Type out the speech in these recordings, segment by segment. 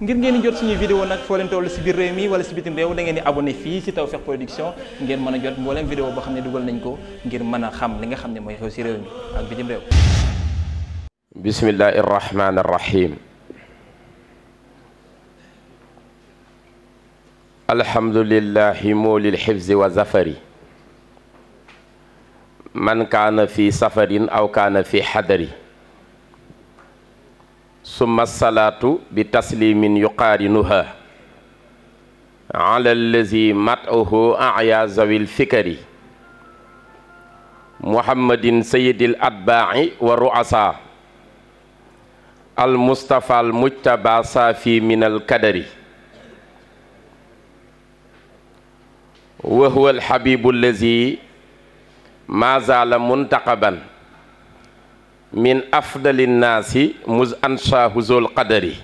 ngir ngeen di jot suñuy vidéo nag foo leen toll si biir réew mi wala si bitim réew da ngeen di abonné fii si Tawfekh Production ngeen mën a jot mbooleem vidéo boo xam ne dugal nañ ko ngir mën a xam li nga xam ne mooy xew si réew mi ak bitim réew bismillahi arrahmani arrahim alhamdulillahi moolil xifzi wa zafari man kaana fi safarin aw kaana fi xadari summa salaatu bi taslimin yuqaarinuha ala allazi mat'uhu aya zawil fikari muhammadin sayidil atbaa'i wa ru'asa al mustafa al mujtaba saafi min al kadari wa huwa al habibu allazi ma zaala muntaqaban min afdali nnaasi mus ansaahu zol qadari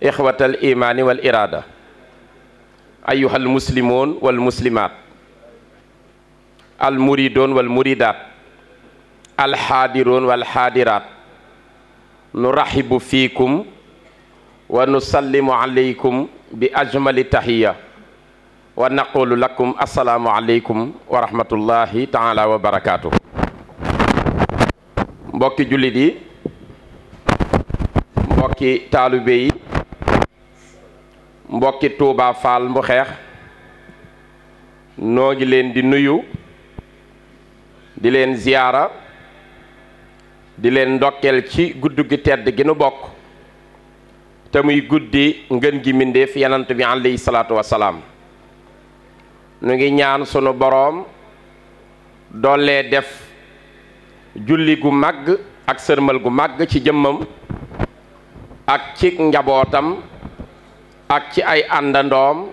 ixwatal imaani wal iraada ayuhal muslimoon wal muslimaat al muridoon wal muridaat al xaadiroon wal xaadiraat nu raxibu fiikum wa nusallimu aleykum bi ajmali tahiya wa naqulu lakum assalaamu aleykum wa rahmatullahi wa barakaatu. mbokki jullit yi mbokki taalibe yi mbokki Touba Fall mbu xeex noo ngi leen di nuyu di leen ziyaara di leen ndokkeel ci gudd gi tedd gi nu bokk te muy guddi ngën gi mbindéef yanant bi alayhi salaatu wassalaam nu ngi ñaan sunu boroom doole def julli gu màgg ak sërmal gu màgg ci jëmmam ak ci njabootam ak ci ay àndandoom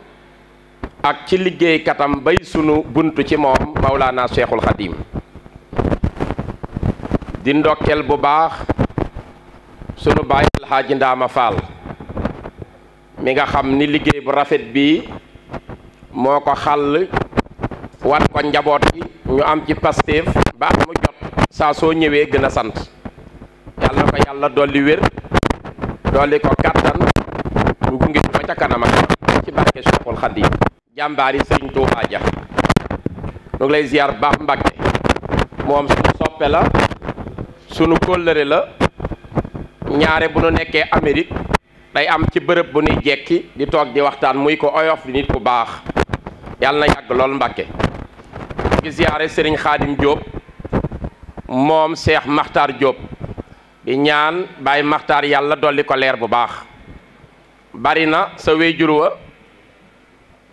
ak ci liggéeykatam bay sunu bunt ci moom Mawlaana Cheikhul Xadim di ndokkeel bu baax sunu bàyyi alxaaji Ndaama Faal mi nga xam ni liggéey bu rafet bii moo ko xàll wat ko njaboot yi ñu am ci pastéef ba mu jot saa soo ñëwee gën a sant yàlla na ko yàlla dolli wér dolli ko kàttan lu gunge ñu ba ca kanama ak ci barke Cheikhul Khadim jàmbaari sëriñ Touba ja ñu ngi baax Mbàkke moom suñu soppe la sunu kóllëre la ñaare bu nu nekkee Amérique day am ci bërëb bu nuy jekki di toog di waxtaan muy ko oyof di nit ku baax yàlla na yàgg loolu Mbàkke ngi ziyaare sëriñ xaadim jóob moom seex maxtaar Diop di ñaan bàyyi maxtaar yàlla dolli ko leer bu baax bari na sa wéyjur wa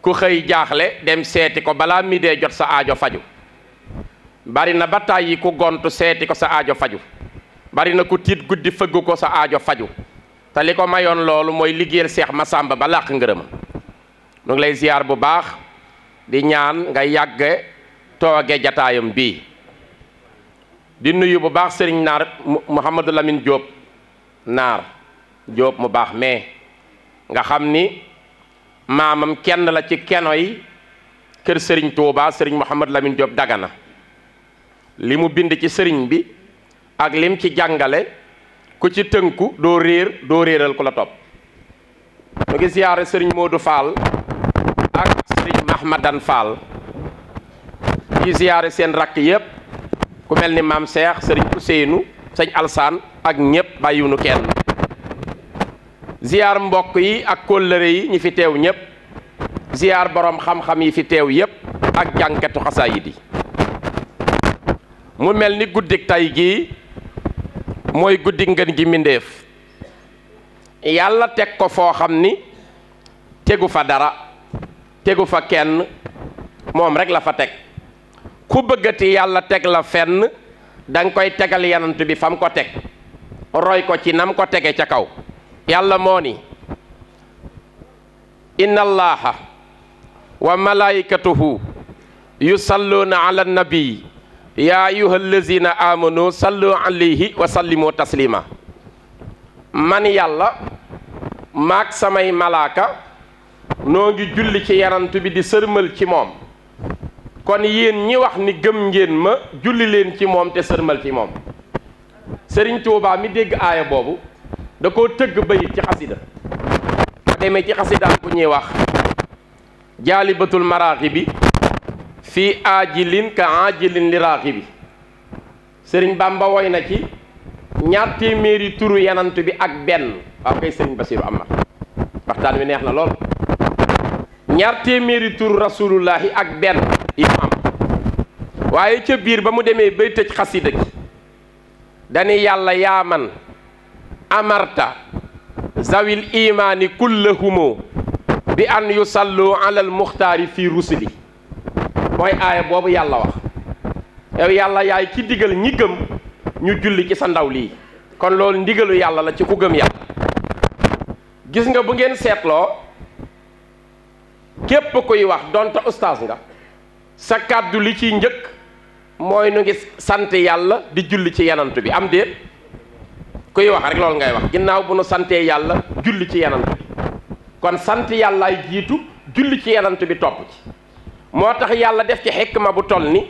ku xëy jaaxle dem seeti ko balaa mi dee jot sa aajo faju bari na ba tàyyi ku seeti ko sa aajo faju bari na ku tiit guddi fëgg ko sa aajo faju te li ko mayoon loolu mooy liggéeyal seex Masamba ba làq ngërëma nu ngi lay ziyaar bu baax di ñaan nga yàgge tooge jataayam bii di nuyu bu baax sëriñ naar Mouhamadou Lamine Diop naar Diop mu baax mais nga xam ni maamam kenn la ci keno kër sëriñ Touba sëriñ Mouhamadou Lamine jóob Dagana li mu bind ci sëriñ bi ak lim ci jàngale ku ci tënku doo réer doo réeral ku la topp mu ngi siyaare sëriñ Modou Fall ak Mahmadan Fall di ziyaare seen rakk yépp ku mel ni maam Cheikh sëriñ Ousseynou sëñ Alsaan ak ñépp bàyyiwunu kenn ziyaar mbokk yi ak kóllëre yi ñi fi teew ñépp ziyaar boroom xam-xam yi fi teew yépp ak jànketu xasaayid yi mu mel ni guddik tay gii mooy guddik ngën ji mindéef yàlla teg ko foo xam ni tegu fa dara tegu fa kenn moom rek la fa teg ku bëggati yàlla teg la fenn danga koy tegal yanant bi fam ko teg roy ko ci nam ko tege ca kaw yàlla moo ni inna allaha wa malaikatuhu yusalluuna ala nabii yaa ayuha allazina amanu sallu alayhi wa sallimu taslima man yàlla maak samay malaaka noo ngi julli ci yarant bi di sërmal ci moom kon yéen ñi wax ni gëm ngeen ma julli leen ci moom te sërmal ci moom sëriñ Tuubaa mi dégg aaya boobu da ko tëgg bayit ci xasida a demee ci xasidaan bu ñuy wax jaalibatul maraaxi bi fii aajilin ka aajilin li bi sëriñ Bàmba woy na ci ñaar téeméeri turu yanant bi ak benn waaw kay sëriñ Basiru am na waxtaan wi neex na lool ñaar téeméeri tur ak benn imaam waaye ca biir ba mu demee bay tëj xasida gi dani yàlla yaaman amarta zawil imaani kullahumo bi an yusallu ala al muxtaari fi rusuli mooy aaya boobu yàlla wax yow yàlla yaay ci digal ñi gëm ñu julli ci sa ndaw lii kon loolu ndigalu yàlla la ci ku gëm yàlla gis nga bu ngeen seetloo képp kuy wax donte ustaas nga sa kàddu li ci njëkk mooy nu ngi sant yàlla di julli ci yenantu bi am déet kuy wax rek loolu ngay wax ginnaaw bu nu santee yàlla julli ci yanant bi kon sant yàllaay jiitu julli ci yanant bi topp ci moo tax yàlla def ci xikma bu toll ni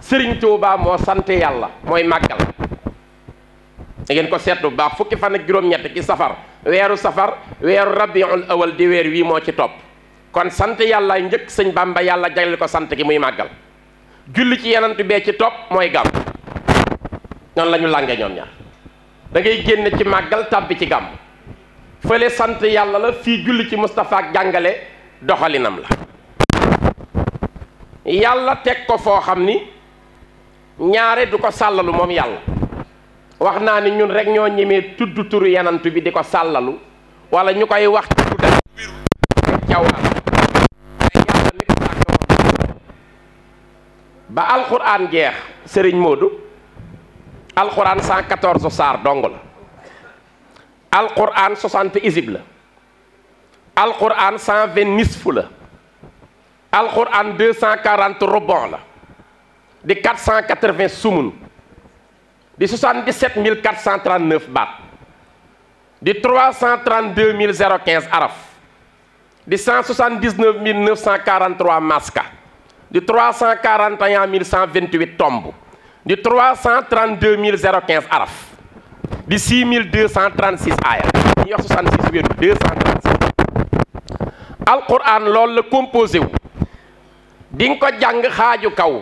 sëriñ Tuubaa moo sant yàlla mooy màggal da ngeen ko seetlu baax fukki fan ak juróom-ñett ci safar weeru safar weeru rabiul awal di weer wii moo ci topp kon sant yàlla njëkk sëñ bàmba yàlla jagleel ko sant gi muy màggal julli ci yenantu bee ci topp mooy gàmm noonu lañu ñu lànge ñoom ñaar da ngay génn ci màggal tàbbi ci gàmm fële sant yàlla la fii julli ci Moustapha ak jàngale doxalinam la yàlla teg ko foo xam ni ñaare du ko sàllalu moom yàlla wax naa ni ñun rek ñoo ñemee tudd turu yenantu bi di ko sàllalu wala ñu koy wax ci jawhar mais yàlla li ko sàkk woon ba jeex sëriñ Modou alxuraan 114 saar dong la alxuraan 60 isib la alxuraan 120 nisfu la alxuraan 240 rebon la di 480 sumun di 77 439 baat di araf di cent soixante dix neuf mille neuf cent quarante trois masques di trois cent quarante et mille cent vingt huit tombes di trois cent trente mille zéro quinze araf di six mille deux cent trente six aaya ñu wax soixante loolu la composé wu di ko jàng xaaju kaw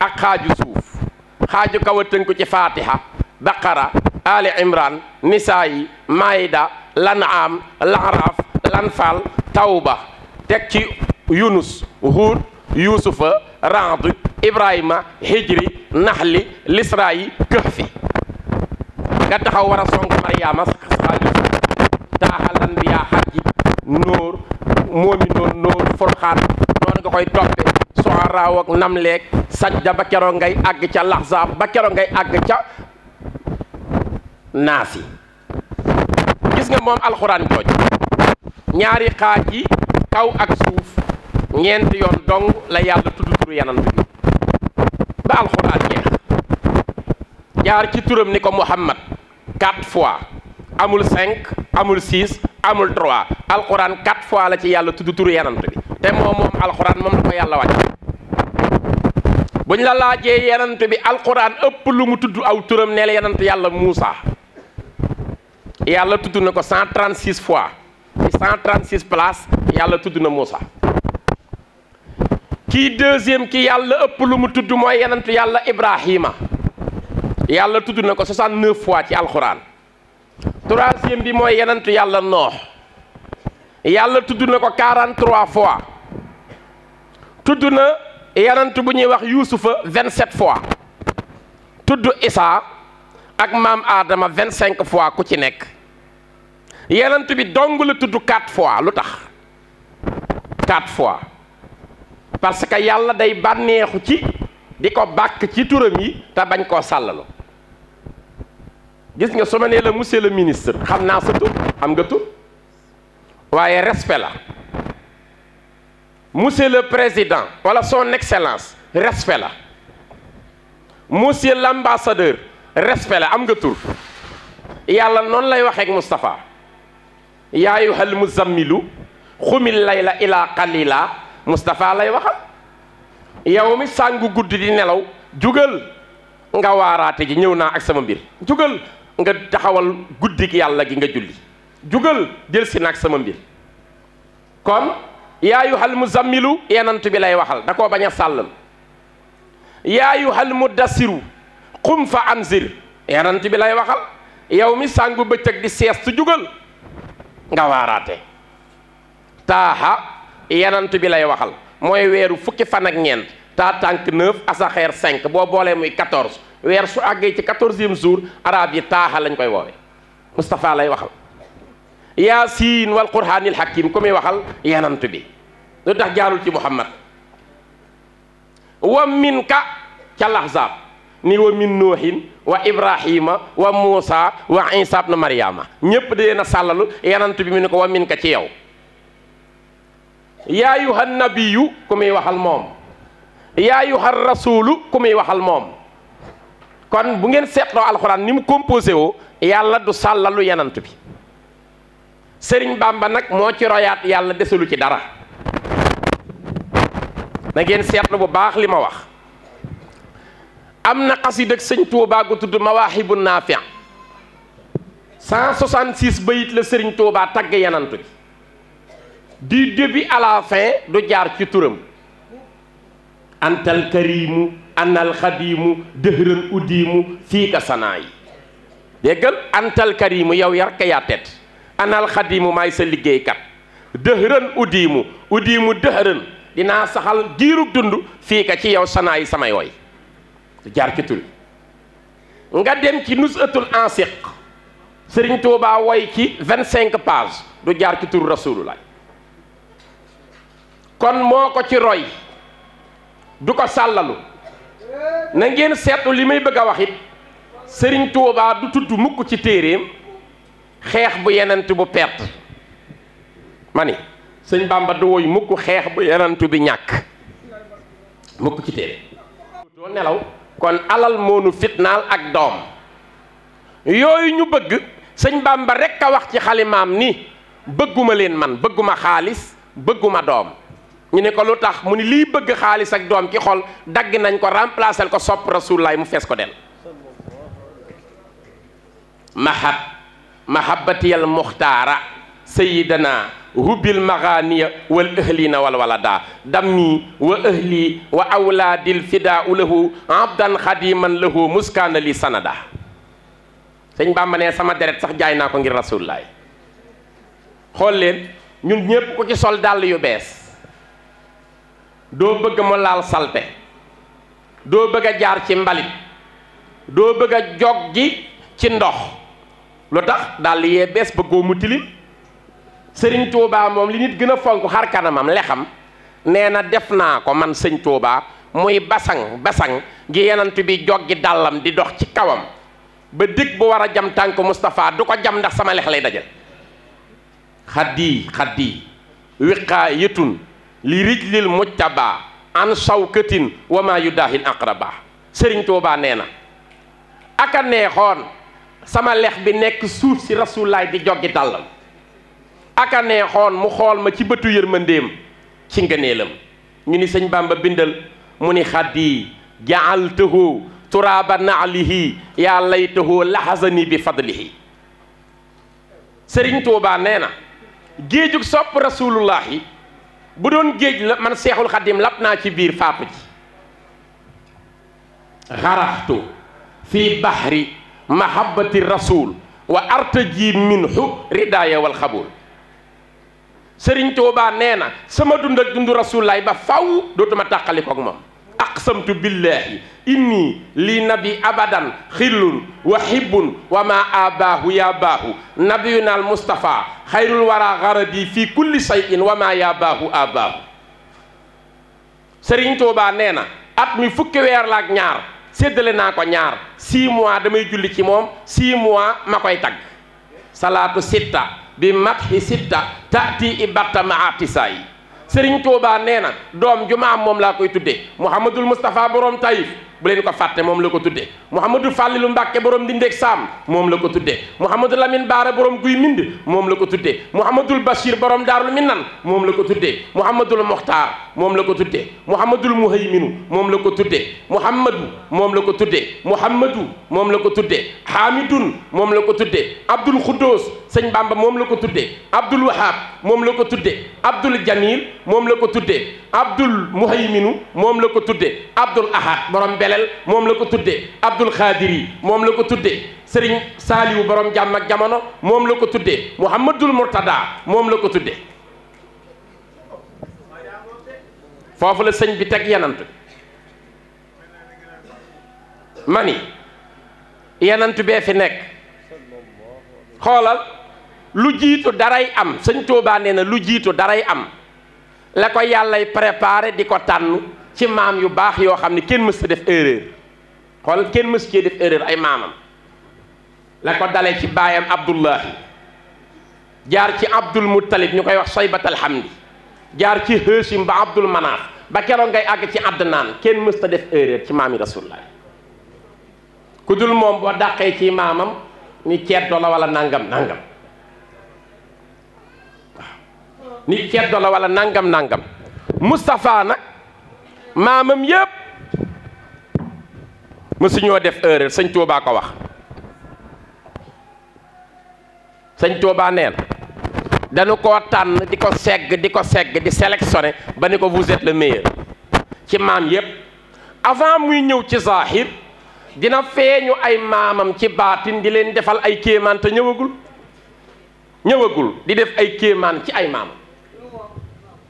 ak xaaju suuf xaaju kaw a tënku ci fatiha baqara ali imran nisaa yi maida lanaam laaraaf anfaal tawba teg ci yunus huud yuusufa rand ibrahima hijri naxli lisraayi kahfi nga taxaw war song maryaama xaalis taaxalan yaa xajji nóor moomi noon nóor noonu nga koy toppe soaraaw ak nam sajda ba kero ngay àgg ca laxsaab ba kero ngay àgg ca naasi gis nga moom alxuraan jooju ñaari xaaj yi kaw ak suuf ñeent yoon dong la yàlla tudd turu yanant bi ba alxuraan jeex jaar ci turam ni ko Muhammad quatre fois amul cinq amul six amul trois alxuraan quatre fois la ci yàlla tudd turu yanant bi te moom moom alxuraan moom la ko yàlla wàcc bu ñu la laajee yenant bi alxuraan ëpp lu mu tudd aw turam neel yenant yàlla Muusa yàlla tudd na ko 136 fois ci 136 places yàlla tudd na Moussa kii deuxième ki yàlla ëpp lu mu tudd mooy yenentu yàlla Ibrahima yàlla tudd na ko 69 fois ci alxuraan troisième bi mooy yenentu yàlla Noox yàlla tudd na ko 43 fois tudd na yenentu bu ñuy wax Yuusufa vingt 27 fois tudd Isaa ak maam Aadama vingt 25 fois ku ci nekk yenant bi dong la tudd quatre fois lu tax quatre fois parce que yàlla day bànneexu ci di ko bàkk ci turam yi te bañ koo sàllalu gis nga su ma nee la monsieur le ministre xam naa sa tur xam nga tur waaye respe la monsieur le président wala son excellence respe la monsieur l'ambassadeur respect la am nga tur yàlla noonu lay waxee ak Moustapha yaa ayyuhal muzammilu xumil la ilaa qalila Moustapha lay waxal yow mi sàngu gudd di nelaw jógal nga waaraate ji ñëw naa ak sama mbir jógal nga taxawal guddik yàlla gi nga julli jugal jël si naag sama mbir kon yaayu hal mu zammilu yenant bi lay waxal da koo bañ a sàllal yaayu hal mu dasiru xum fa anzir yenant bi lay waxal yow mi sàngu bëccëg di sees su jugal nga waaraate taaxa yanant bi lay waxal mooy weeru fukki fan ak ñeent taa tànk neuf asaxeer boo boolee muy quatorze weer su àggee ci quatorzième jour arab yi taaxa lañ koy woowe Moustapha lay waxal yaasiin wal qur'aanil hakiim ku muy waxal yanant bi lu tax jaarul ci Muhammad wa min ka ca laxzaab ni wa min nuuhin wa ibrahima wa muusa wa isa ibn maryama ñépp di leen sàllalu yanant bi mu ni ko wa min ka ci yow yaa yuha nabiyu ku muy waxal moom yaa yuha rasulu ku muy waxal moom kon bu ngeen seetloo alxuraan ni mu composé woo yàlla du sàllalu yanant bi sëriñ bàmba nag moo ci royaat yàlla desalu ci dara na ngeen seetlu bu baax li ma wax am na xasida ak sëñ Touba gu tudd Mawaahibu Naafi' 166 bayit la sëriñ Touba tagg yanant bi du début à du jaar ci turam antal karimu anal xadimu dëhëran uddiimu fii ka sanaa yi déggal antal karimu yow yar ka yaa tet anal xadimu maay sa liggéeykat dëhëran uddiimu uddiimu dëhëran dinaa saxal giirug dund fii ka ci yow sanaa yi samay woy jaar ci tul nga dem ci nus ëttul ansiq sëriñ Tuubaa woy ci vingt cinq page du jaar ci tur rasulullah kon moo ko ci roy du ko sàllalu na ngeen seetlu li may bëgg a waxit it sëriñ Tuubaa du tudd mukk ci téeréem xeex bu yenent bu perte mani ni sëñ Bàmba du woy mukk xeex bu yenent bi ñàkk mukk ci téere doo nelaw kon alal moonu fitnaal ak doom yooyu ñu bëgg sëñ Bamba rekk a wax ci xalimaam ni bëgguma leen man bëgguma xaalis bëgguma doom ñu ne ko lu tax mu ni lii bëgg xaalis ak doom ci xol dagg nañ ko remplacer ko sopp rasuulaay mu fees ko del mahab mahabbatiyal muxtaara sayidana hubbil maxaaniya wal ahlina wal walada dammi wa ahli wa awlaadil fidaau lahu abdan xadiman lahu muskaana li sanada sëñ Bàmba ne sama deret sax jaay naa ko ngir rasulullaay xool leen ñun ñépp ku ci sol dàll yu bees doo bëgg mu laal salte doo bëgg jaar ci mbalit doo bëgg a ci ndox lu tax dàll yee bees bëggoo mu tilim sëriñ Touba moom li nit gën a fonk xar kanamam lexam nee na def naa ko man sëñ Touba muy basaŋ basang gi yenant bi joggi dàllam di dox ci kawam ba dig bu war a jam tànk Moustapha du ko jam ndax sama lex lay dajal xaddi xaddi wiqaayatun li rijlil mujtaba an sawkatin wa ma yudaahil aqraba sëriñ Touba nee na aka neexoon sama lex bi nekk suuf si rasulaay di joggi dàllam aka neexoon mu xool ma ci bëtu yërmandeem ci ngëneelam ñu ni sëñ Bamba bindal mu ni xaddi jaaltahu turaaba naalihi yaa laytahu lahazani bi fadlihi sëriñ Tuubaa nee na géejug sopp rasulullahi bu doon géej la man seexul xaddim lap naa ci biir fapp ji xaraxtu fi bahri mahabbati rasul wa artaji minhu ridaaya wal xabul sëriñ Tuubaa nee na sama dund ak dundu rasulullaay ba faw dootuma tàqalikook moom aqsamtu billahi inni li nabi abadan xillun wa wa ma abaahu ya baahu nabiyuna mustafa xayrul wara garabi fi kulli shay'in wa ma ya baahu abaahu sëriñ Tuubaa nee na at mi fukki weer la ak ñaar séddale naa ko ñaar six mois damay julli ci moom six ma koy tagg salaatu sitta bi mathi sitta taati ibatta maatisaa yi sëriñ Tuubaa nee na doom jumaam moom laa koy tuddee Mouhamadul Moustapha borom Taïf bu leen ko fàtte moom la ko tuddee Mouhamadou Fàllilu Mbàkke borom Ndindeeg Saam moom la ko tuddee Mouhamadou Lamine Baara borom Guy Mind moom la ko tuddee Mouhamadoul Bachir borom Daarul Minnan moom la ko tuddee Mouhamadoul Mokhtar moom la ko tuddee Mouhamadoul Mouhayminu moom la ko tuddee Mouhamadou moom la ko tuddee Mouhamadou moom la ko tuddee Hamidun moom la ko tuddee Abdoul Khoudous sëñ Bamba moom la ko tuddee Abdoul Wahab moom la ko tuddee Abdoul Jamil moom la ko tuddee Abdoul Mouhayminu moom la ko tuddee Abdoul Ahad borom belel moom la ko tuddee Abdul Xaadir moom la ko tuddee Serigne Saaliwu borom jàmm ak jamono moom la ko tuddee Muhammadul Murtada moom la ko tuddee foofu la sëñ bi teg yenant ma ni yenant bee fi nekk xoolal lu jiitu daray am sëñ Tuubaa nee na lu jiitu daray am la ko yàllay préparé di ko tànn ci maam yu baax yoo xam ne kenn mës ta def erreur xool kenn mës cee def erreur ay maamam la ko dalee ci baayam abdullahi jaar ci abdul muttalib ñu koy wax saybat alhamdi jaar ci hësim ba abdul manaaf ba keroog ngay àgg ci adnaan kenn mës def erreur ci maam maami rasulullahi ku dul moom boo daqee ci maamam ni ceddo la wala nangam nangam waaw ni ceddo la wala nangam nangam Moustapha nag maamam yépp mësuñoo def erreur sëñ Tuubaa ko wax sëñ Tuubaa neen dañu koo tànn di ko segg di ko segg di sélectionné ba ni ko vous êtes le meilleur ci maam yépp avant muy ñëw ci zahir dina feeñu ay maamam ci baatin di leen defal ay kéemaan te ñëwagul ñëwagul di def ay kéemaan ci ay maamam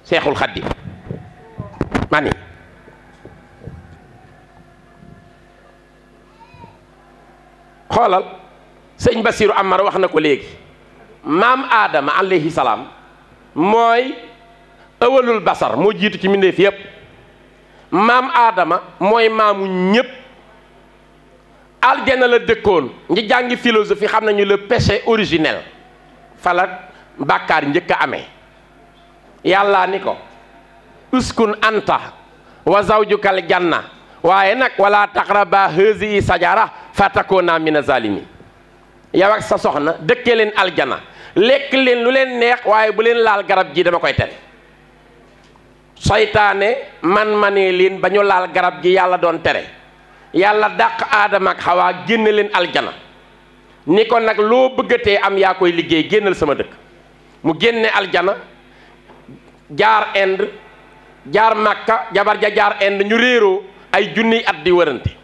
seexul xaddi xoolal sëñ Basiru Amar wax na ko léegi maam aadama alayhi salaam mooy ëwalul basar moo jiitu ci mbindeef yépp maam aadama mooy maamu ñépp aljana la dëkkoon ñi jàngi philosophie xam nañu le péché originel fala bàkkaar njëkk a ame yàlla ni ko uskun anta wa zawjukal janna waaye nag walaa wala taqraba hazihi sajara fa takuna min zalimin yow ak sa soxna dëkkee leen aljana lekk leen lu leen neex waaye bu leen laal garab gi dama koy tere soytaane man manee leen ba ñu laal garab gi yàlla doon tere yàlla dàq aadama ak xawaa génne leen aljana ni ko nag loo bëggatee am yaa koy liggéey génnal sama dëkk mu génne aljana jaar Inde jaar Makka jabar ja jaar Inde ñu réeroo ay junniy at di wërante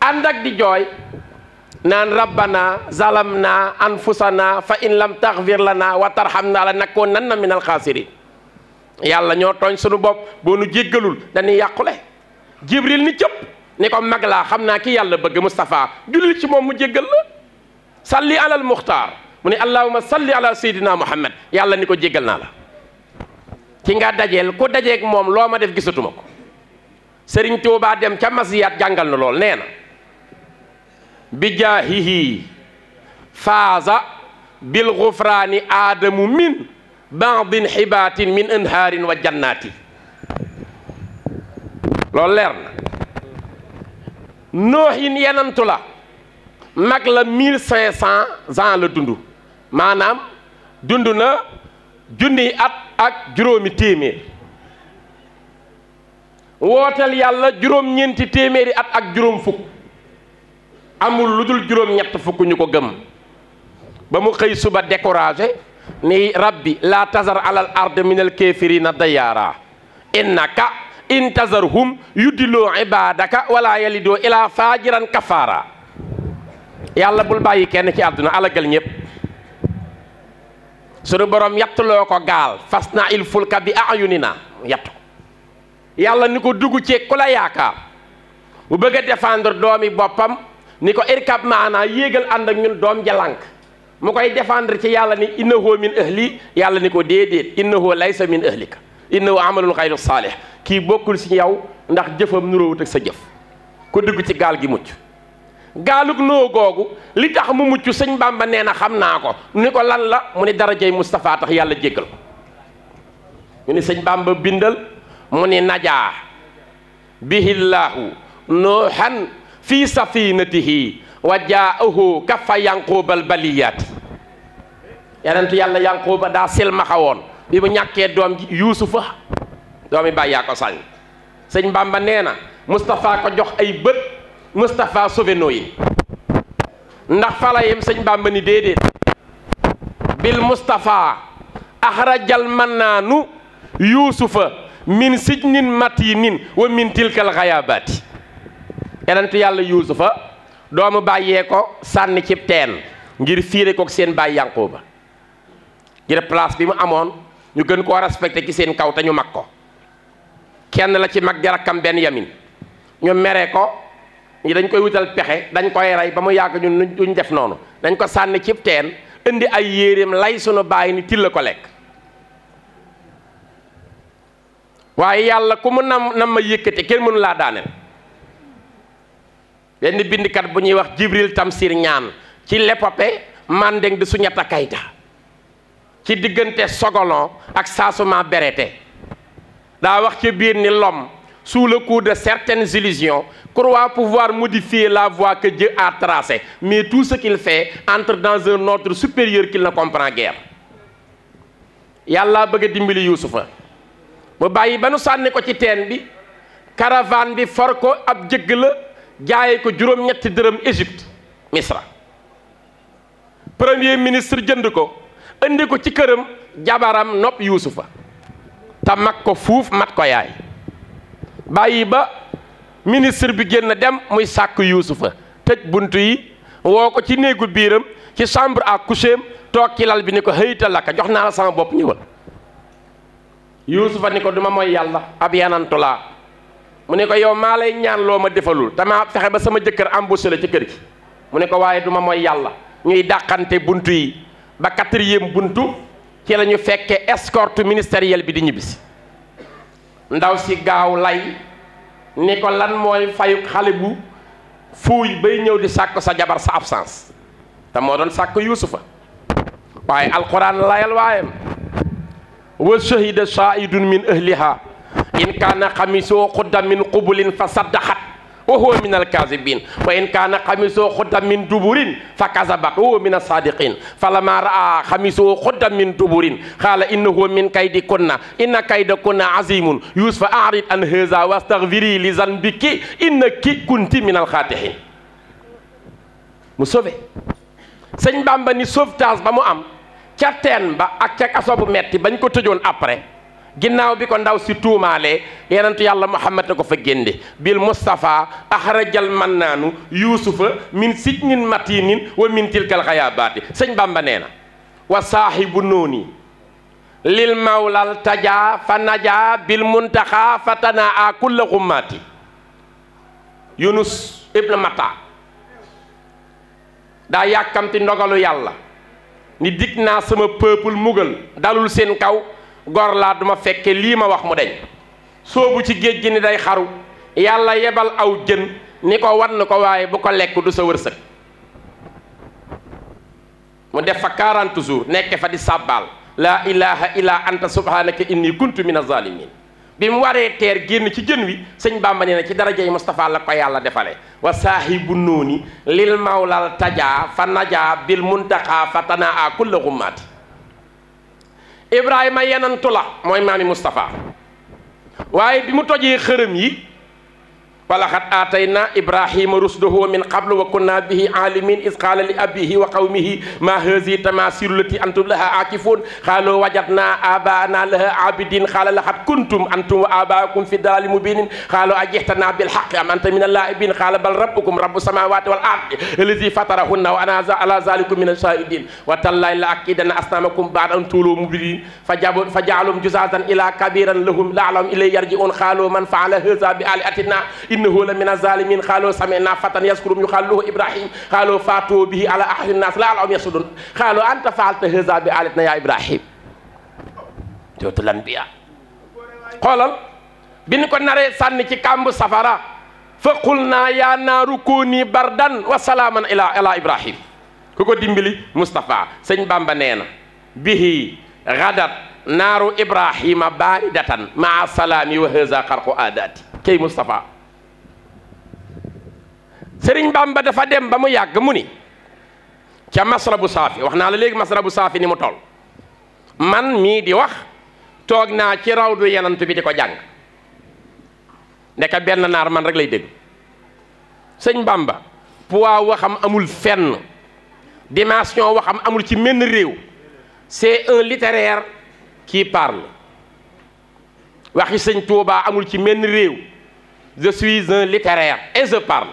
ànd di jooy naan rabbana zalamna anfusana fa in wa tarhamna la nakkoon nan na minal xaasirin yàlla ñoo tooñ sunu bopp boo nu jéggalul dañuy yàqule jibril ni cëpp ni ko mag laa xam naa ki yàlla bëgg Moustapha julli ci moom mu jéggal la salli alal muxtaar mu ne allahuma salli ala sayyidina muhammad yàlla ni ko jéggal naa la ki nga dajeel ku dajeeg moom loo ma def gisatuma ko sëriñ Tuubaa dem ca masiyaat jàngal na lool nee na bi jaahihi faaza bil gufraani aadamu min baadin xibaatin min anhaarin wa jannaati loolu leer na nooxin yenantu la mag la mille la dund maanaam dund na junniy at ak juróomi téeméer wootel yàlla juróom-ñeenti téeméeri at ak juróom fukk amul lu dul juróom-ñett fukk ñu ko gëm ba mu xëy suba découragé ni rabbi laa tasar alal ard min al kafirina dayaara innaka in tazarhum yuddiloo ibadaka wala yalidoo ilaa faajiran kafaara yàlla bul bàyyi kenn ci àdduna alagal ñépp sunu borom yattuloo ko gaal fas na il fulka bi ayunina yattu yàlla ni ko dugg ci ku la yaakaar bu bëgg a défendre doomi boppam ni ko irkab maanaa yéegal ànd ak ñun doom jalank mu koy défendre ci yàlla ni innahoo min ahli yàlla ni ko déedéet innahoo laysa min ahlika innahu amalul xayru saalih kii bokkul si yow ndax jëfam nuróowut ak sa jëf ku dugg ci gaal gi mucc gaalug noo googu li tax mu mucc sëñ Bàmba nee na xam naa ko ni ko lan la mu ne darajay Moustapha tax yàlla jéggal ko ñu ne sëñ Bàmba bindal mu ni najaa bihillaahu nuuhan fi safinatihi wa jaahu kafa yanquubal baliyaat yenentu yàlla yanquuba daa silmaxa woon bi mu ñàkkee doom yuusufa doomi bàyyi ko sañ sëñ Bamba nee na Moustapha ko jox ay bët Moustapha sovenoo yi ndax falayem sëñ Bamba ni déedéet bil Moustapha axrajal mannaanu yuusufa min sijnin matinin wa min tilkal xayaabaati yonentu yàlla yuusufa doomu bàyyee ko sànni cib teen ngir fiire kook seen bàyyi yànqoo ba ngir place bi mu amoon ñu gën koo respecté ci seen kaw te ñu mag ko kenn la ci mag di rakkam benn yamin ñu mere ko ñi dañ koy wutal pexe dañ koy rey ba mu yàgg ñun duñ def noonu dañ ko sànni cib teen indi ay yéeréem lay sunu bàyyi ni til la ko lekk waaye yàlla ku mu nam nam ma yëkkate kenn mënu laa daaneel benn bindkat bu ñuy wax Jibril Tamsir ñaan ci l'épopée Mandeng de Soundiata Keita ci diggante Sogolon ak Saasuma Berete daa wax ci biir ni lom sous le coup de certaines illusions croit pouvoir modifier la voie que Dieu a tracée mais tout ce qu'il fait entre dans un ordre supérieur qu'il ne comprend yàlla bëgg a dimbali Yuusufa mu bàyyi ba nu sànni ko ci teen bi caravane bi for ko ab jëgg la jaaye ko juróom-ñetti dërëm Égypte Misra premier ministre jënd ko indi ko ci këram jabaram nopp yuusufa te mag ko fuuf mat ko yaay bàyyi ba ministre bi génn dem muy sàkk yuusufa tëj bunt yi woo ko ci néegu biiram ci chambre ak coucher toog ci lal bi ni ko xëyital la ka jox naa la sama bopp ñëwal yuusufa ni ko du ma mooy yàlla ab yanantu laa mu ne ko yow maa lay ñaan loo ma defalul damaa fexe ba sama jëkkër embauché la ci kër gi mu ne ko waaye duma mooy yàlla ñuy dàqante buntu yi ba quatrième buntu ci la ñu fekke escorte ministérielle bi di ñibbisi ndaw si gaaw lay ni ko lan mooy fayu xale bu fuuy bay ñëw di sàkk sa jabar sa absence te moo doon sàkk yuusufa waaye alxuraan layal waayam wa shahida shahidun min ahliha in kaana xamisoo xudda min qubulin fa saddaxat wa huwa min alkazibin wa in kaana xamisoo xudda min duburin fa kazabat wa huwa min asadiqin falama raa xamisoo xudda min duburin xaala innahu min kaydi kunna inna kayda kunna azimun yusufa arid an haza wastaghfiri li zanbiki innaki kunti min alxaatixin mu sauvé sëñ Bamba ni sauvetage ba mu am ca teen ba ak ca kaso bu metti bañ ko tëjoon après ginnaaw bi ko ndaw si tuumaalee yonentu yàlla muhammad na ko fa génde bil mustafa axrajal mannaanu yuusufa min sijnin matinin wa min tilkal xayaabaati sëñ bàmba nee na wa saahibu nooni lil mawlal tajaa fa najaa bil muntaxaa fa tanaa kulla xummaati yunus ibn mata daa yàkkamti ndogalu yàlla ni dig naa sama peuple mugal dalul seen kaw gor laa duma fekke lii ma wax mu deñ soobu ci géej gi ni day xaru yàlla yebal aw jën ni ko wann ko waaye bu ko lekk du sa wërsëg mu def fa 40 jours nekk fa di sàbbaal laa ilaha illa anta subhanaka inni kuntu min azalimin bi mu waree teer génn ci jën wi sëñ Bàmba nee na ci darajey Moustapha la ko yàlla defale wa saahibu nooni lil mawlal tajaa fa najaa bil muntaqa fa tanaa kulla xummaati ibrahima yenantu la mooy maami Moustapha waaye bi mu tojee xërëm yi walaxat aatayna ibrahima rusdahu min qablu wa kunna bihi alimin is qaala li abihi wa qawmihi ma hazihi tamasilu lati antum laha akifun qaalu wajadna abana laha abidin qaala laxat kuntum antum wa abaakum fi dalali mubinin qaalu ajihtanaa bilhaqi am anta min allaibin qaala bal rabbukum rabbu samawati wal ardi allazi fatarahunna wa ana ala zalikum min ashahidin wa tallahi la akidanna asnamakum baada an tuulu mubinin fajabu fajalum juzazan ila kabiran lahum laalahum ilay yarjiun qaalu man faala haza bi aliatina innahu la min azalimin xaaloo samina fatan yaskurum yu xaalluhu ibrahim xaaloo faatoo bihi ala ahrin nas la alahum yasudun xaaloo anta faalta haza bi alatna ya ibrahim jootu lan biya xoolal bi ñu ko naree sànni ci kàmb safara fa qul naa yaa naaru kooni bardan wa salaaman ila ala ibrahim ku ko dimbali moustapha sëñ bamba nee na bihi gadat naaru ibrahima baridatan maa salaami wa haza xarqu aadaati kay moustapha sëriñ Bamba dafa dem ba mu yàgg mu ni ca masrabu saafi wax naa la léegi masra bu saafi ni mu toll man mii di wax toog naa ci rawdu yenant bi di ko jàng ndeka benn naar man rek lay dégg sëñ Bamba poids waxam amul fenn dimension waxam amul ci menn réew c'est un littéraire qui parle waxi sëñ Tuubaa amul ci menn réew je suis un et je parle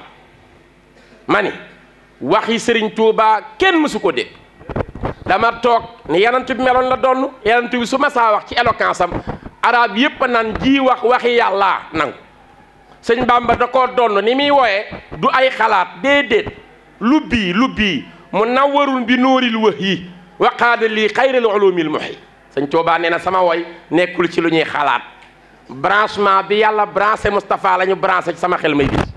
ma ni yi sëriñ Touba kenn mësu ko dégg dama toog ni yanant bi meloon la doon yanant bi su ma saa wax ci éloquence am arab yépp nan ji wax waxi yàllaa nangu sëñ Bamba da koo doon ni muy wooyee du ay xalaat déedéet lu bii lu bii mu nawarul bi nóoril wax yi waqaada lii xayral ulumil muhi sëñ Touba nee na sama woy nekkul ci lu ñuy xalaat branchement bi yàlla branché Moustapha la ñu branché ci sama xel may gis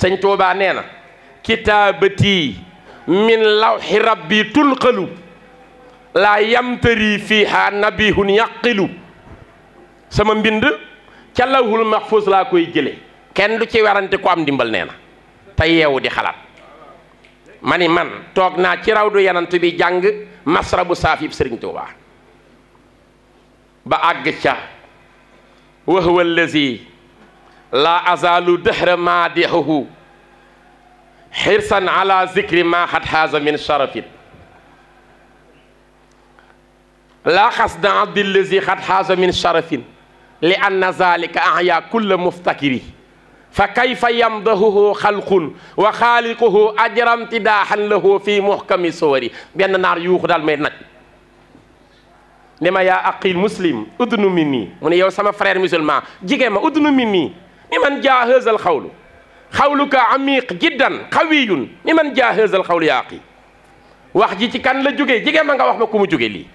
sëñ Tuubaa nee na kitaabatii min lawxi rabbi tulqalu laa yamtari fiiha nabihun yaqilu sama mbind ca lawhul mahfuz laa koy jële kenn du ci werante ko am ndimbal nee na te yeewu di xalaat ma ni man toog naa ci raw du yanant bi jàng masrabu saafib sëriñ Tuubaa ba àgg ca wax wallazi laa azalu dëxra maadihuhu xirsan ala zikri ma xat xaaza min sharafin laa xasda abdi lazi xat xaaza min sharafin li anna zalika ahya kulla muftakiri fa kayfa yamdahuhu xalqun wa xaaliquhu ajram tidaaxan lahu fi muhkami suwari benn naar yuuxu daal may naj ne ma yaa aqil muslim udnu min nii mu ne yow sama frère musulman jigéen ma udnu min nii mimman jaa haazal xawlu xawluka amiq jiddan xawiyun mimman jaa haazal xawlu yaa aqi wax ji ci kan la jógee jigéen ma nga wax ma ku mu jóge lii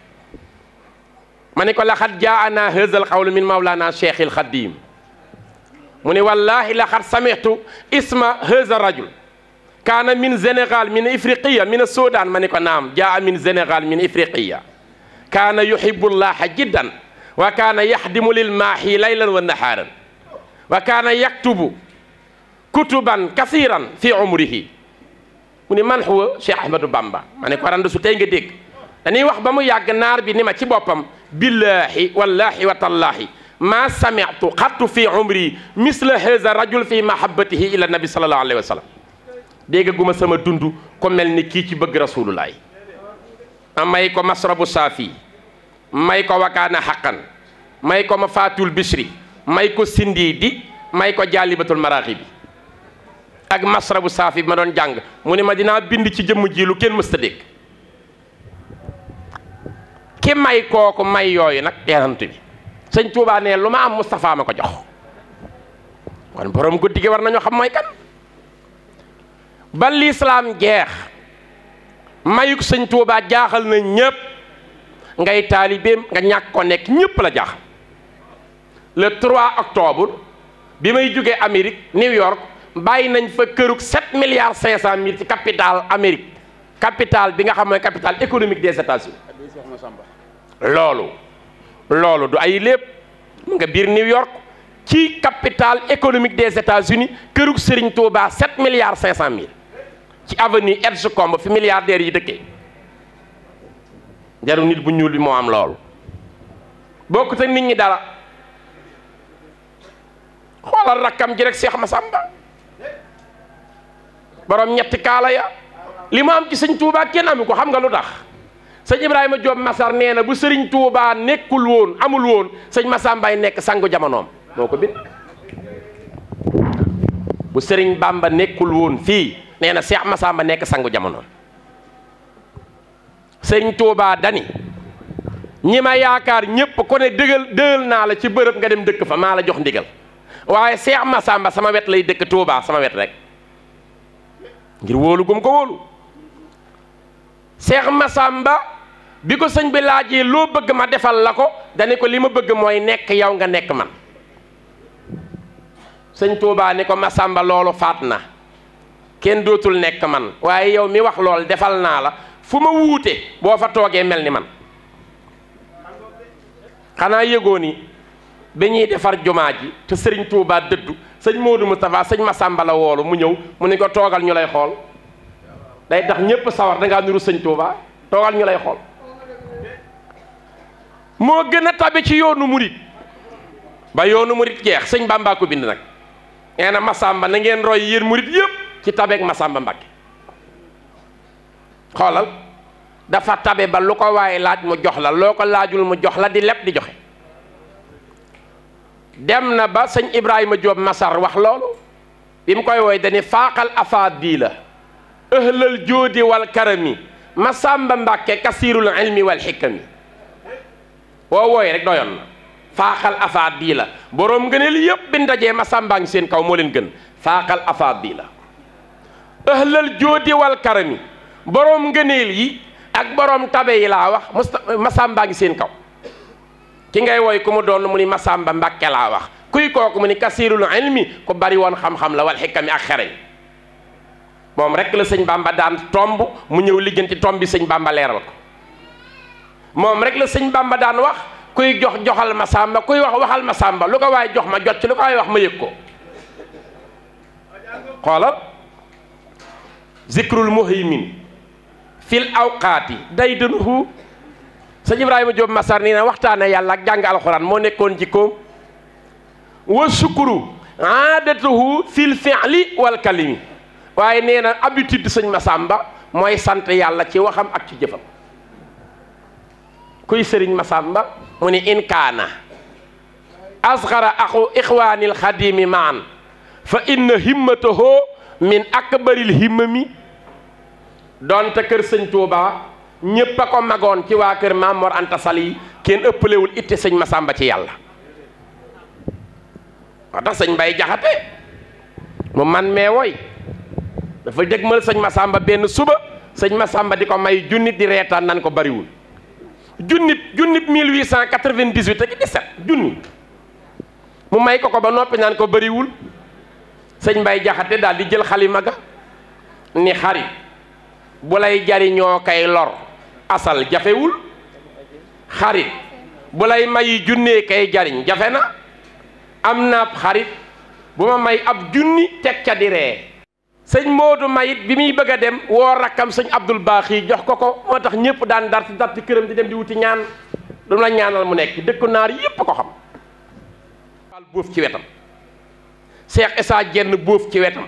ma ne ko laxat jaana haazal xawlu min mawlaana cheikhil xadim mu ne wallahi laxat samixtu isma haazal rajul kaana min Sénégal min ifriqiya min Soudan ma ne ko naam jaa min Sénégal min ifriqiya kaana yuhibbullaha jiddan wa kaana yaxdimu lil maaxi laylan wa naxaaran wa kaana yaktubu kutuban kasiran fi umrihi mu man huwa Cheikh Ahmadou Bamba ma ko rand tey nga dégg dañuy wax ba mu yàgg naar bi ni ma ci boppam billaahi wallaahi wa tallaahi ma sami'tu xattu fi umri misla haza rajul fi mahabbatihi ila nabi sallallahu alayhi wa sallam déggaguma sama dund ko mel ni kii ci bëgg rasulullah ma may ko masrabu saafi may ko wakaana xaqan may ko ma fatul bishri may ko sindi di may ko jaalibatul maraaxi bi ak masrabu saafi bi ma doon jàng mu ne ma dinaa bind ci jëmm ji lu kenn mësta dégg ki may kooku may yooyu nag yerantu bi sëñ Tuubaa ne lu ma am Moustapha ma ko jox kon borom guddi gi war nañoo xam mooy kan ba lislaam jeex mayuk sëñ Tuubaa jaaxal na ñépp ngay taalibeem nga ñàkk ko nekk ñépp la jaaxal le 3 octobre bi may jógee Amérique New York bàyyi nañ fa kërug 7 milliards 500 mille ci capital Amérique capital bi nga xam mooy capital économique des États-Unis ah, loolu loolu du ay lépp mu nga biir New York ci capital économique des États-Unis kërug Serigne Touba 7 milliards 500 mille ci avenue Edgecombe fi milliardaires yi dëkkee jaru nit bu ñuul bi moo am loolu bokkut ak nit ñi dara. xoolal rakkam ji rek seex Massamba borom ñetti kaala ya li mu am ci sëñ Touba kenn amu ko xam nga lu tax sëñ Ibrahima Diop masar nee na bu sëriñ Touba nekkul woon amul woon sëñ Massambay nekk sangu jamonoom moo ko bind bu sëriñ Bamba nekkul woon fii nee na Cheikh nekk sangu jamonoom sëriñ Touba dani ñi ma yaakaar ñépp ko ne dëgal dëgal naa la ci bërëb nga dem dëkk fa maa la jox ndigal waaye Cheikh Massamba sama wet lay dëkk Touba sama wet rek ngir wóolu gum ko wóolu Cheikh Massamba bi ko sëñ bi laajee loo bëgg ma defal la ko dane ko li ma bëgg mooy nekk yow nga nekk man sëñ Touba ni ko Massamba loolu faat na kenn dootul nekk man waaye yow mi wax lool defal naa la fu ma wuute boo fa toogee mel ni man xanaa yégoo ni ba ñuy defar jumaa ji te sëriñ Touba dëddu sëñ Modou Moustapha sëñ Massamba la woolu mu ñëw mu ne ko toogal ñu lay xool day tax ñépp sawar da ngaa nuru sëñ Touba toogal ñu lay xool moo gën a tabe ci yoonu murit ba yoonu murit jeex sëñ Bàmbaa ko bind nag nee na Massamba na ngeen roy yéen murit yépp ci tabeeg Massamba Mbakke xoolal dafa tabe ba lu ko waaye laaj mu jox la loo ko laajul mu jox la di leb di joxe dem na ba sëñ ibraahima Diop Masar wax loolu bi mu koy woy dani faaqal bii la ëhlal joodi wal karami masamba mbàkke kasirul ilmi wal xikami woo wooy rek doyoon na faaxal bii la boroom ngëneel yépp bi ndajee ngi seen kaw moo leen gën faaxal afaadi la ëhlal joodi wal karami boroom ngëneel yi ak boroom tabe yi laa wax masamba ngi seen kaw ki ngay woy ku mu doon mu ni Masamba Mbàkke laa wax kuy kooku mu ni kasiirul ilmi ku bari woon xam-xam la wal xikami ak xereñ moom rek la sëñ Bamba daan tomb mu ñëw lijjanti tomb bi sëñ Bamba leeral ko moom rek la sëñ Bamba daan wax kuy jox joxal Masamba kuy wax waxal Masamba lu ko waaye jox ma jot ci lu ko waaye wax ma yëg ko xoolal zikrul muhimin fil awqaati day dunhu sëñ Ibrahima Diop Massar nii na waxtaane yàlla ak jàng alxuraan moo nekkoon jikkoom wa sukuru aadatuhu fil fi'li wal kalimi waaye nee na habitude sëñ Massamba mooy sant yàlla ci waxam ak ci jëfam kuy sëriñ Massamba mu ni inkaana asxara axu ixwaanil xadimi maan fa inna himmatahu min akbaril himmami donte kër sëñ Tuubaa ñépp a ko magoon ci waa kër Maam Mor Anta Sali kenn ëppalewul itte sëñ Masamba ci yàlla wax tax sëñ Mbay Jaxate mu man mee woy dafa dégmal sëñ ma sàmba benn suba sëñ Masamba di ko may junnit di reetaan nan ko bariwul junnit junnit 1898 ak 17 junni mu may ko ko ba noppi naan ko bariwul sëñ Mbay Jaxate daal di jël xalima ga ni xarit bu lay jariñoo kay lor asal jafewul xarit bu lay mayi junnee kay jariñ jafe na am naab xarit bu ma may ab junni teg ca di ree sëñ Moodu mayit bi muy bëgg a dem woo rakkam sëñ Abdul Baaxi jox ko ko moo tax ñëpp daan dar ci dar ci këram di dem di wuti ñaan du la ñaanal mu nekk dëkku naar yépp ko xam fal bóof ci wetam Seex Isaa jenn bóof ci wetam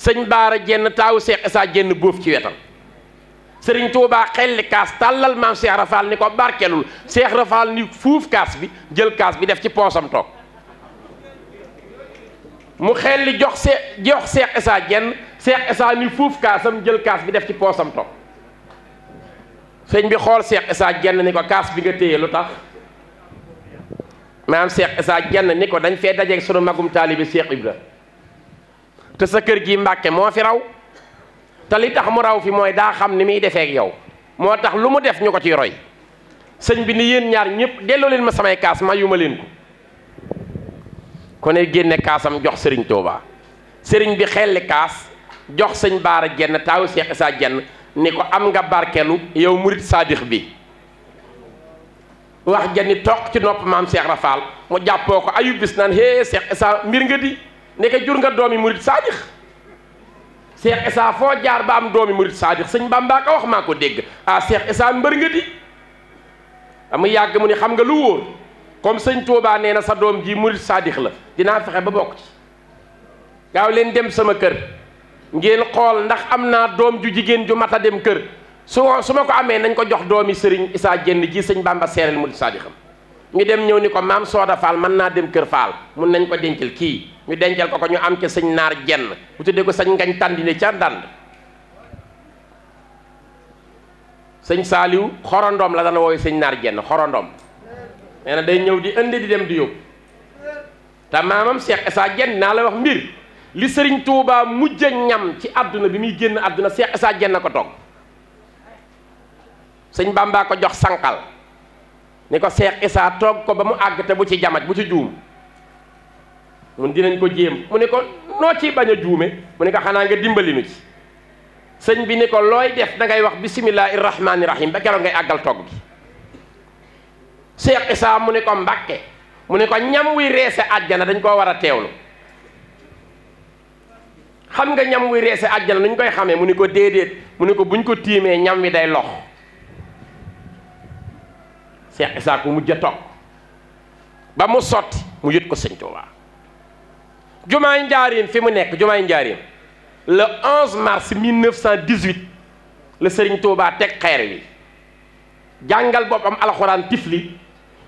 sëñ Baara jenn taawu Seex Isaa jenn bóof ci wetam sëriñ Tuubaa xelli kaas tàllal maam Cheikh Rafaal ni ko barkelul Cheikh Rafaal ni fuuf kaas bi jël kaas bi def ci poosam toog mu xelli jox se jox Cheikh Issa jenn Cheikh Issa ni fuuf kaasam jël kaas bi def ci poosam toog sëñ bi xool Cheikh saa jenn ni ko kaas bi nga téye lu tax maam Cheikh saa jenn ni ko dañ fee dajeeg sunu magum taalibi Cheikh la te sa kër gi Mbàkke moo fi raw te li tax mu raw fii mooy daa xam ni muy defeek yow moo tax lu mu def ñu ko ci yoroy sëñ bi ni yéen ñaar ñëpp delloo leen ma samay kaas ma yuma leen ko ku ne génne kaasam jox sëriñ tooba sëriñ bi xelli kaas jox sëñ baara jenn taawu Cheikh saa jenn ni ko am nga barkeelu yow murit saadix bi wax jenni toog ci nopp maam Cheikh Rafal mu jàppoo ko ayu bis naan hee Cheikh Issa mbir nga di nekk jur nga doom yi murit saadix Cheikh Issa foo jaar ba am doomi murit saadix sëñ Bamba ko wax maa ko dégg ah Cheikh Issa mbër nga di amu yàgg mu ne xam nga lu wóor kon sëñ Touba nee na sa doom ji murit saadix la dinaa fexe ba bokk ci gaaw leen dem sama kër ngeen xool ndax am naa doom ju jigéen ju mat a dem kër su su ma ko amee nañ ko jox doomi sëriñ Issa jenn ji sëñ Bamba seereel murit saadixam ñu dem ñëw ni ko maam Sooda Fall mën naa dem kër Fall mun nañ ko dencal kii ñu dencal ko ko ñu am ca sëñ naar jenn bu tuddee ko sëñ ngañ tàndine ca ndànd sëñ saaliw xorondoom la dana wooyu sëñ naar jenn xorondoom nee na day ñëw di indi di dem di yóbbu te maamam Cheikh Issa Diène naa la wax mbir li sëriñ Touba mujj a ñam ci àdduna bi muy génn àdduna Cheikh Issa Diène ko toog sëñ Bamba ko jox sànqal ni ko Cheikh Issa toog ko ba mu àgg te bu ci jamaj bu ci juum mun dinañ ko jéem mu ne ko noo ciy bañ a juume mu ne ko xanaa nga dimbali nu ci sëñ bi ni ko looy def da ngay wax bisimillahi rahmaani rahim ba keroog ngay àggal togg bi Cheikh Issa mu ne ko mbàkke mu ne ko ñam wuy reese àjjana dañ koo war a teewlu xam nga ñam wuy reese àjjana nu ñu koy xamee mu ne ko déedéet mu ne ko buñ ko tiimee ñam wi day lox Cheikh Issa ko mujj a toog ba mu sotti mu yët ko sëñ Tuubaa jumaay njaareem fi mu nekk jumaay njaareem le 11 mars 1918 la sëriñ Tuubaa teg xeer wi jàngal boppam alxuraan tifli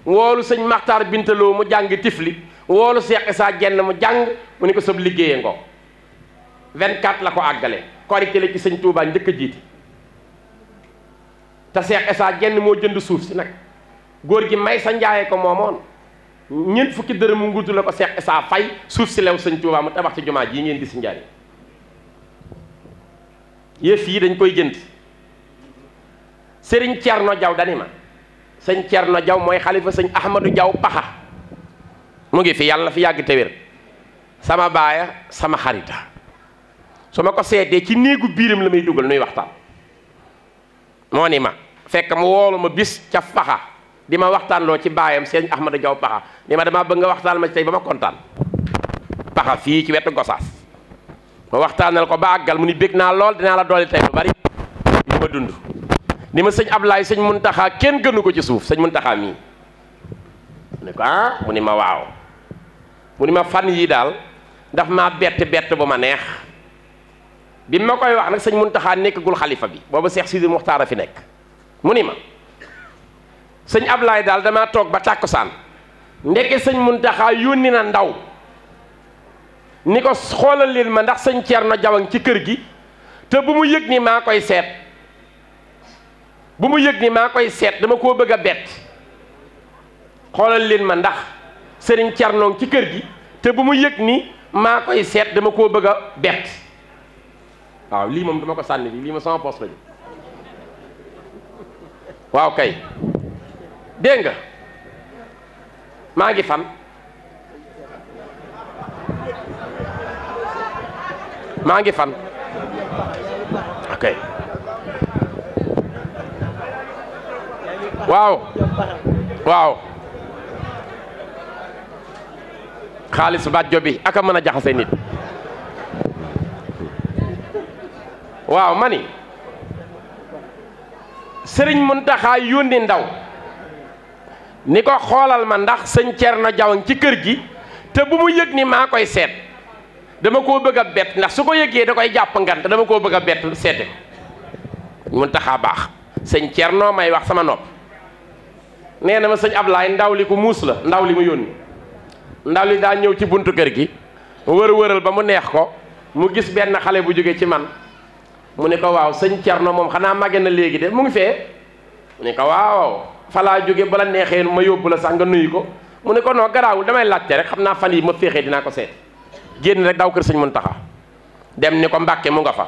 woolu sëñ Maxtaar Bintaloo mu jàng tifli woolu Cheikh Issa Diène mu jàng mu ne ko sab liggéeye ngo 24 la ko àggale korité la ci sëñ Tuubaa njëkk a jiite te Cheikh genn moo jënd suuf si nag góor gi may sa njaayee ko moomoon ñeent fukki dërëm mu ngutu la ko seex saa fay suuf si lew sëñ Tuubaa mu tabax ci jumaa jii ngeen gis njaay yëf yi dañ koy jënd sëriñ Cerno Jaw dani ma sëñ Cerno Jaw mooy xalifa sëñ Ahmadou Jaw paxa mu ngi fi yàlla na fi yàgg te wér sama baaya sama xarita su ma ko seetee ci néegu biiram la may dugal nuy waxtaan moo ni ma fekk mu woolu ma bis caf paxa di ma waxtaanloo ci baayam sëñ Ahmada Jaw Paxa ni ma damaa bëgg nga waxtaan ma ci tey ba ma kontaan Paxa fii ci wetu Gosaas ma waxtaanal ko ba àggal mu ni bég naa lool dinaa la dooli tey lu bari li ma dund ni ma sëñ Ablaay sëñ Muntaxa kenn gënu ko ci suuf sëñ Muntaxa mii mu ne ko ah mu ni ma waaw mu ni ma fan yii daal daf maa bett bett bu ma neex bi ma koy wax nag sëñ Muntaxa nekkagul xalifa bi booba Seex Sidi Muxtaar a fi nekk mu ni ma sëñ Ablaay daal damaa toog ba tàkkusaan ndeke sëñ Muntaxa yónni na ndaw ni ko xoolal leen ma ndax sëñ Ceerno Jawang ci kër gi te bu mu yëg ni maa koy seet bu mu yëg ni maa koy seet dama koo bëgg a bett xoolal leen ma ndax sëriñ Ceerno ci kër gi te bu mu yëg ni maa koy seet dama koo bëgg a bett waaw lii moom dama ko sànni lii ma sama poos la waaw kay dégg nga maa ngi fan maa ngi fan ok waaw waaw xaalis bàjjo bi aka mën a jaxase nit waaw mani sëriñ Muntaxa yónni ndaw ni ko xoolal ma ndax sëñ Thierno Diaw ci kër gi te bu mu yëg ni maa koy seet dama koo bëgg a bett ndax su ko yëgee da koy jàpp ngan te dama koo bëgg a bett seete mu mun taxaa baax sëñ Thierno may wax sama nopp nee na ma sëñ Ablaay ndaw li ku muus la ndaw li mu yónni ndaw li daa ñëw ci buntu kër gi mu wër wëral ba mu neex ko mu gis benn xale bu jóge ci man mu ne ko waaw sëñ Thierno moom xanaa màgge na léegi de mu ngi fee mu ne ko waaw falaa jóge bala neexee ma yóbbu la sax nga nuyu ko mu ne ko non garaawul damay laajte rek xam naa fan yi ma féexee dinaa ko seet génn rek daw kër sëñ taxa dem ni ko Mbàkke mu nga fa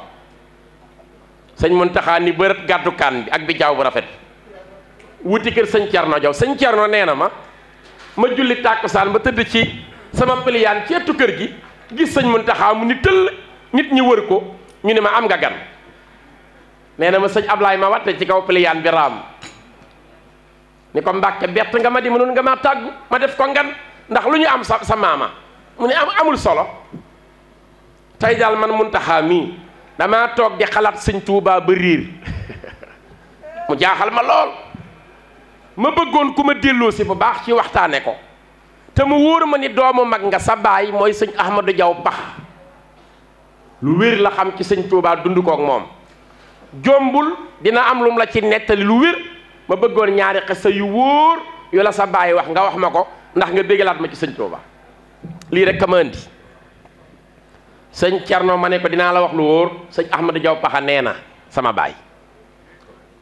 sëñ Muntaxa ni bërët gàddu kaan bi ak bi jaaw bu rafet wuti kër sëñ Cerno Jaw sëñ Cerno nee na ma ma julli tàkkusaan ba tëdd ci sama piliyaan ceetu kër gi gis sëñ Muntaxa mu ni tëll nit ñi wër ko ñu ne ma am nga gan nee na ma sëñ laay ma watte ci kaw piliyaan bi ni ko mbàkke bett nga ma di mënoon nga maa tàggu ma def ko ngan ndax lu ñu am sa sa maama mu ne am amul solo tey daal man muntaxaa mii damaa toog di xalaat sëñ tuubaa ba riir mu jaaxal ma lool ma bëggoon ku ma delloo si bu baax ci waxtaane ko te mu wóor ma ni doomu mag nga sa baay mooy sëñ ahmadu jaw bax lu wér la xam ci sëñ tuubaa dund kook moom jombul dina am lum la ci nettali lu wér ma bëggoon ñaari xisa yu wóor yu la sa bàyyi wax nga wax ma ko ndax nga déggalaat ma ci sëñ Tuuba lii rek ka ma andi sëñ ma ne ko dinaa la wax lu wóor sëñ ax ma Ahmadou Diaw Paxa nee na sama baay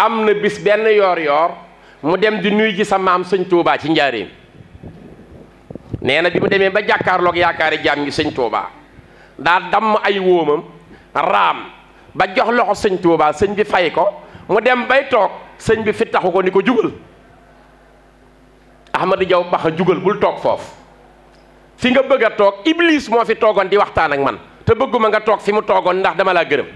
am na bis benn yoor-yoor mu dem di nuy ji sa maam sëñ Tuuba ci njaareem nee na bi mu demee ba jàkkaarloog yaakaari jaam ñi sëñ Tuuba daa damm ay wóomam raam ba jox loxo sëñ Tuuba sëñ bi fay ko mu dem bay toog. sëñ bi fit taxu ko ni ko jugal Ahmadou jaw Pakha jugal bul toog foofu fi nga bëgg a toog Iblis moo fi toogoon di waxtaan ak man te bëgguma nga toog fi mu toogoon ndax dama laa gërëm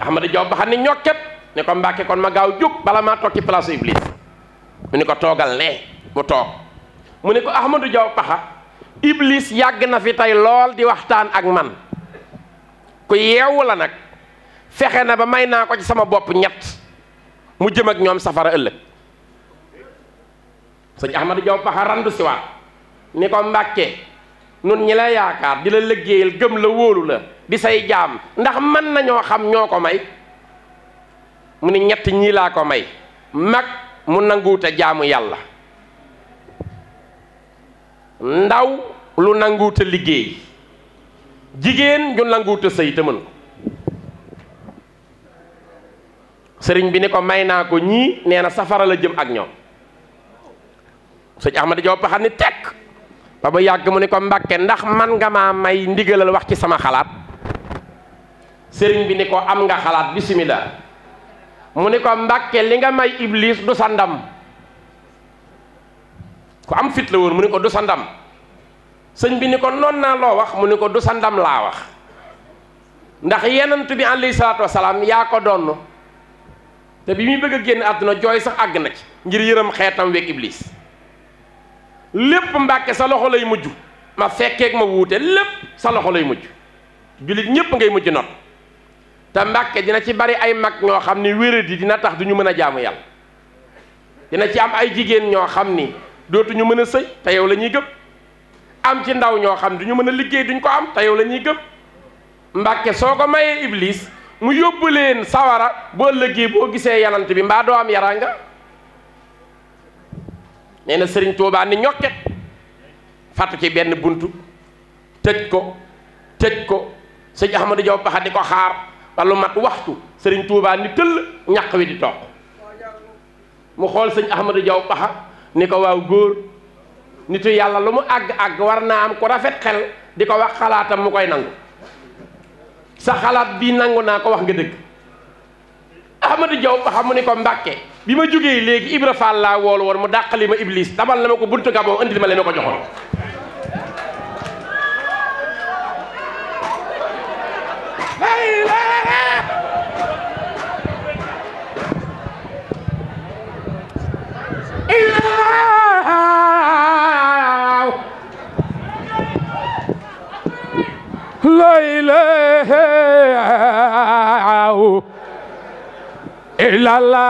Ahmadou Diaw Pakha ni ñokket ni ko Mbàkke kon ma gaaw jóg bala maa toog ci place Iblis mu ni ko toogal ne mu toog mu ni ko Ahmadou jaw Pakha Iblis yàgg na fi tey lool di waxtaan ak man ku yeewu la nag fexe na ba may naa ko ci sama bopp ñett mu jëm ak ñoom safara ëllëg sëñ Ahmadou Diaw paxa randu si waat ni ko mbàkkee nun ñi la yaakaar di la liggéeyal gëm la wóolu la di say jaam ndax mën nañoo xam ñoo ko may mu ni ñett ñii laa ko may mag mu nanguute jaamu yàlla ndaw lu nanguute liggéey jigéen ju nanguute sëy te mën sëriñ bi ni ko may naa ko ñii nee na safara la jëm ak ñoom sëñ Ahmad Jaw Paxa ni tekk ba ba yàgg mu ni ko Mbàkke ndax man nga maa may ndigalal wax ci sama xalaat sëriñ bi ni ko am nga xalaat bisimilah mu ni ko Mbàkke li nga may Iblis du sa ndam ku am fit la woon mu ni ko du sa ndam sëñ bi ni ko noon naa loo wax mu ni ko du sa ndam laa wax ndax yenant bi alayhi salaatu wasalaam yaa ko donn te bi muy bëgg a génn àdduna jooy sax àgg na ci ngir yërëm xeetam weeg iblis lépp mbàkke sa loxo lay mujj ma fekkeek ma wuute lépp sa loxo lay mujj jullit ñépp ngay mujj not te mbàkke dina ci bari ay mag ñoo xam ni wérad yi dina tax du ñu mën a jaamu yàlla dina ci am ay jigéen ñoo xam ni dootuñu mën a sëy te yow la ñuy gëm am ci ndaw ñoo xam duñu mën a liggéey duñ ko am te yow la ñuy gëm mbàkke soo ko mayee iblis mu yóbbu leen sawara boo ëllëgee boo gisee yanant bi mbaa doo am yaranga nee na sëriñ Tuubaa ñokket fàttu ci benn buntu tëj ko tëj ko sëñ Ahmadou Diaw Paxa di ko xaar ba lu mat waxtu sëriñ Tuubaa ni tëll ñaq wi di toq mu xool sëñ Ahmadou jaw Paxa ni ko waaw góor nitu yàlla lu mu àgg àgg war naa am ku rafet xel di ko wax xalaatam mu koy nangu sa xalaat bii nangu naa ko wax nga dëgg Ahmadou Diaw ba xam mu ko Mbàkke bi ma jógee léegi Ibra Fall laa wool woon mu dàqali ma Iblis dabal na ma ko buntu Gabon andil ma leen ma ko joxoon Ilaa لا إله إلا الله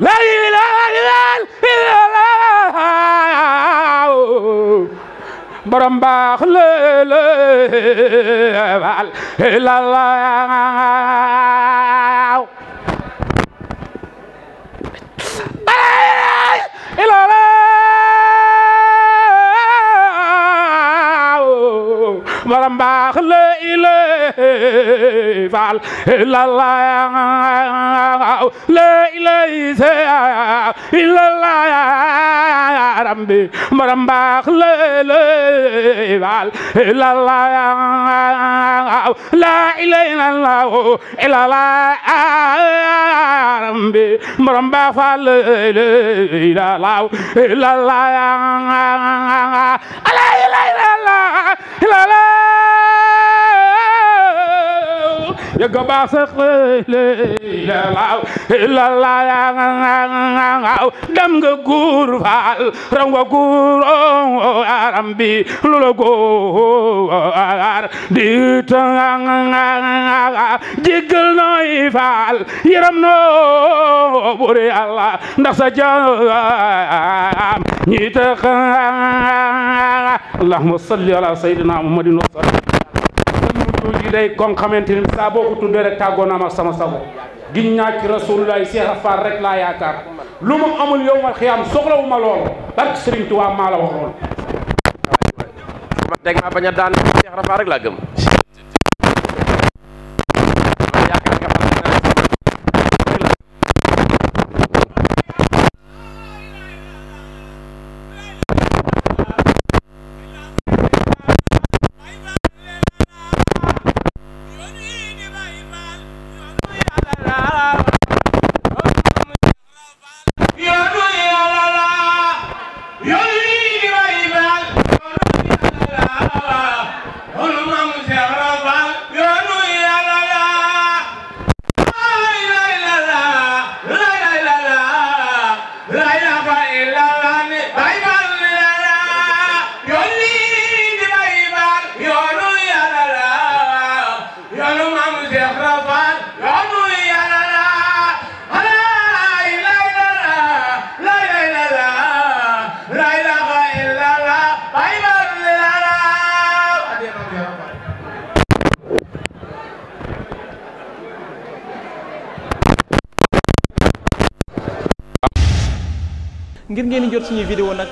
لا إله إلا الله برم باخ لا إله إلا الله لا إله إلا الله mbaax la ilay faal la la ilay la rambi mbaram mbaax la ilay la la la ilay la ila la rambi يقى باسق إلا الله دم غور فال رم غور أرمبي لولا غور ديت جيجل نوي فال يرم نو بوري الله نفس جام نيتخ اللهم صل على سيدنا محمد وسلم tuuti day kon xamante ni saa boo ko tuddee rek tàggoo na ak sama sago giñ naa ci rasulullahi Seex Faal rek laa yaakaar lu mu amul yowmal xiyaam soxlawu ma lool barke Sëriñ Tuubaa maa la wax daan Seex Faal rek laa gëm.